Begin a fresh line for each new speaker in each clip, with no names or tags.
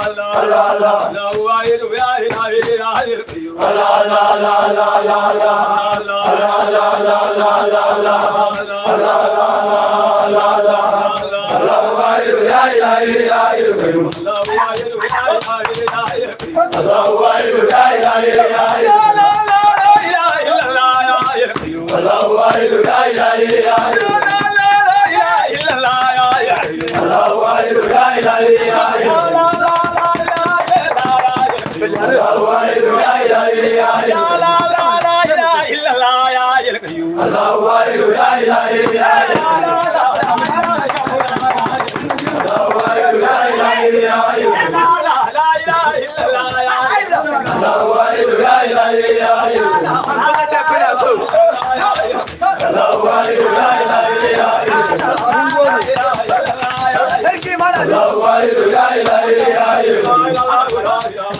لا لا لا لا وايل ويا لا لا لا لا لا لا لا لا لا لا لا لا لا Sarki mana. Allahu akbar, la ilaha illallah.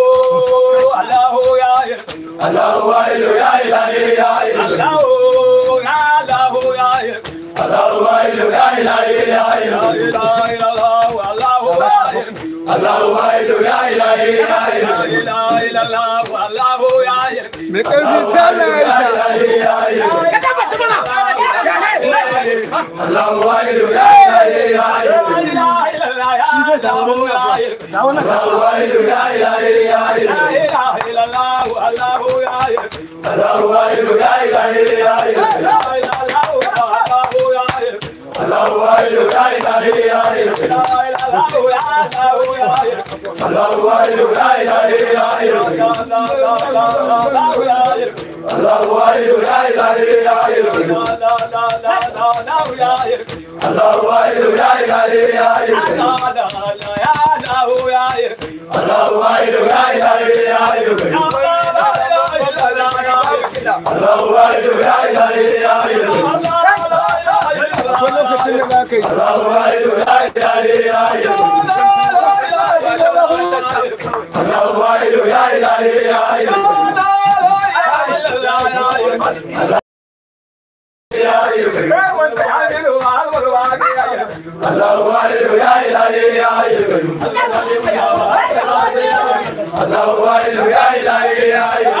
الله ويل يا إلهي يا إلهي الله يا الله يا إلهي الله ويل يا إلهي يا إلهي الله الله ويل يا إلهي يا إلهي الله الله يا إلهي مكان في سنة كتب اسمنا الله ويل يا إلهي يا إلهي الله ويل يا إلهي يا إلهي الله واحد لا اله الا الله الله واحد لا اله الا الله الله واحد لا اله الا الله الله الله لا اله الا هو الله وائل لا اله الا هو الله وائل لا اله الا هو lokacin da za ka yi Allah